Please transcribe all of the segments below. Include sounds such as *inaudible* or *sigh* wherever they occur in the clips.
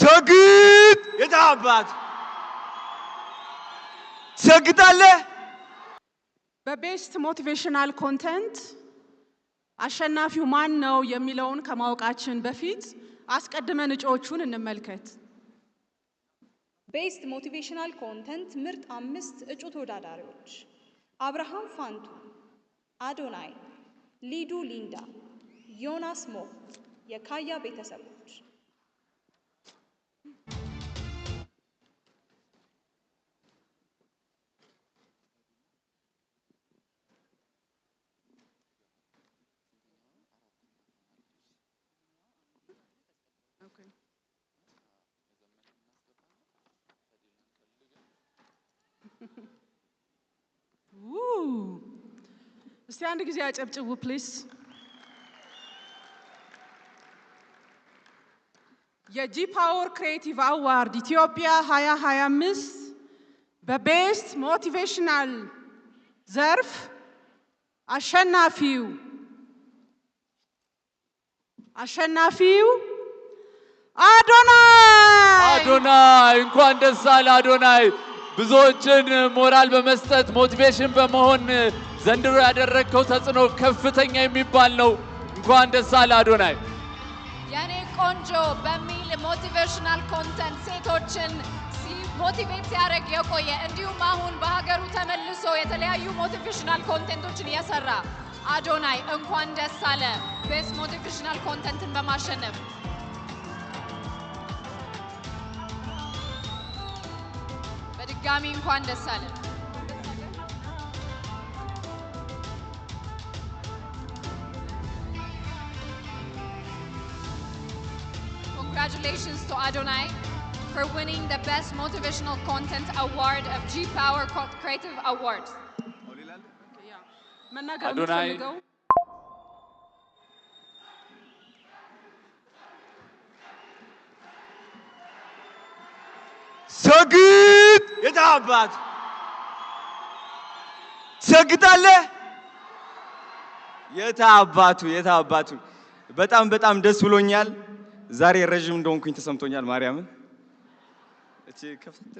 ሰግጥ የታባት ትሰግጣለህ። በቤስት ሞቲቬሽናል ኮንተንት አሸናፊው ማን ነው የሚለውን ከማወቃችን በፊት አስቀድመን እጩዎቹን እንመልከት። ቤስት ሞቲቬሽናል ኮንተንት ምርጥ አምስት እጩ ተወዳዳሪዎች አብርሃም ፋንቱ፣ አዶናይ፣ ሊዱ ሊንዳ፣ ዮናስ ሞ፣ የካያ ቤተሰቦች እስቲ አንድ ጊዜ አጨብጭቡ ፕሊስ። የጂ ፓወር ክሬቲቭ አዋርድ ኢትዮጵያ 2025 በቤስት ሞቲቬሽናል ዘርፍ አሸናፊው አሸናፊው አዶናይ አዶናይ እንኳን ደስ አለ አዶናይ። ብዙዎችን ሞራል በመስጠት ሞቲቬሽን በመሆን ዘንድሮ ያደረግከው ተጽዕኖ ከፍተኛ የሚባል ነው። እንኳን ደስ አለ አዶናይ። የኔ ቆንጆ በሚል ሞቲቬሽናል ኮንተንት ሴቶችን ሞቲቬት ሲያደርግ የቆየ እንዲሁም አሁን በሀገሩ ተመልሶ የተለያዩ ሞቲቬሽናል ኮንቴንቶችን የሰራ አዶናይ እንኳን ደስ አለ ቤስት ሞቲቬሽናል ኮንተንትን በማሸነፍ በድጋሚ እንኳን ደስ አለን። Congratulations to Adonai for winning the Best Motivational Content Award of G Power Creative Awards. Adonai. ሰግጥ የት አባት ትሰግጣለህ? የት አባቱ የት አባቱ። በጣም በጣም ደስ ብሎኛል። ዛሬ ረዥም እንደሆንኩኝ ተሰምቶኛል። ማርያምን እቺ ከፍት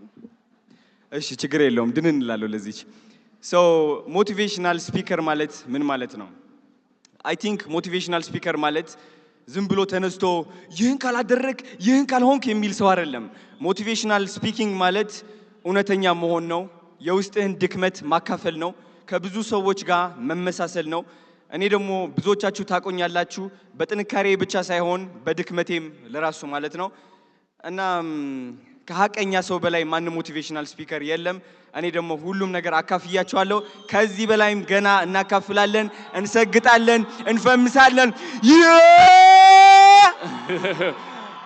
እሺ፣ ችግር የለውም ድን እንላለሁ። ለዚች ሰው ሞቲቬሽናል ስፒከር ማለት ምን ማለት ነው? አይ ቲንክ ሞቲቬሽናል ስፒከር ማለት ዝም ብሎ ተነስቶ ይህን ካላደረግ ይህን ካልሆንክ የሚል ሰው አይደለም። ሞቲቬሽናል ስፒኪንግ ማለት እውነተኛ መሆን ነው። የውስጥህን ድክመት ማካፈል ነው። ከብዙ ሰዎች ጋር መመሳሰል ነው። እኔ ደግሞ ብዙዎቻችሁ ታቆኛላችሁ፣ በጥንካሬ ብቻ ሳይሆን በድክመቴም ለራሱ ማለት ነው እና ከሀቀኛ ሰው በላይ ማንም ሞቲቬሽናል ስፒከር የለም። እኔ ደግሞ ሁሉም ነገር አካፍያቸዋለሁ። ከዚህ በላይም ገና እናካፍላለን፣ እንሰግጣለን፣ እንፈምሳለን። *laughs*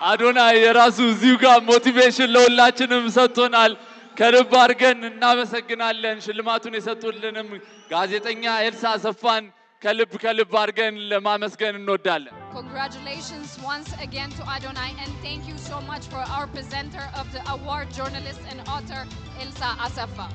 አዶና የራሱ እዚሁ ጋር ሞቲቬሽን ለሁላችንም ሰጥቶናል። ከልብ አድርገን እናመሰግናለን። ሽልማቱን የሰጡልንም ጋዜጠኛ ኤልሳ አሰፋን ከልብ ከልብ አድርገን ለማመስገን እንወዳለን። Congratulations once again to Adonai and thank you so much for our presenter of the award, journalist and author, Elsa Asafa.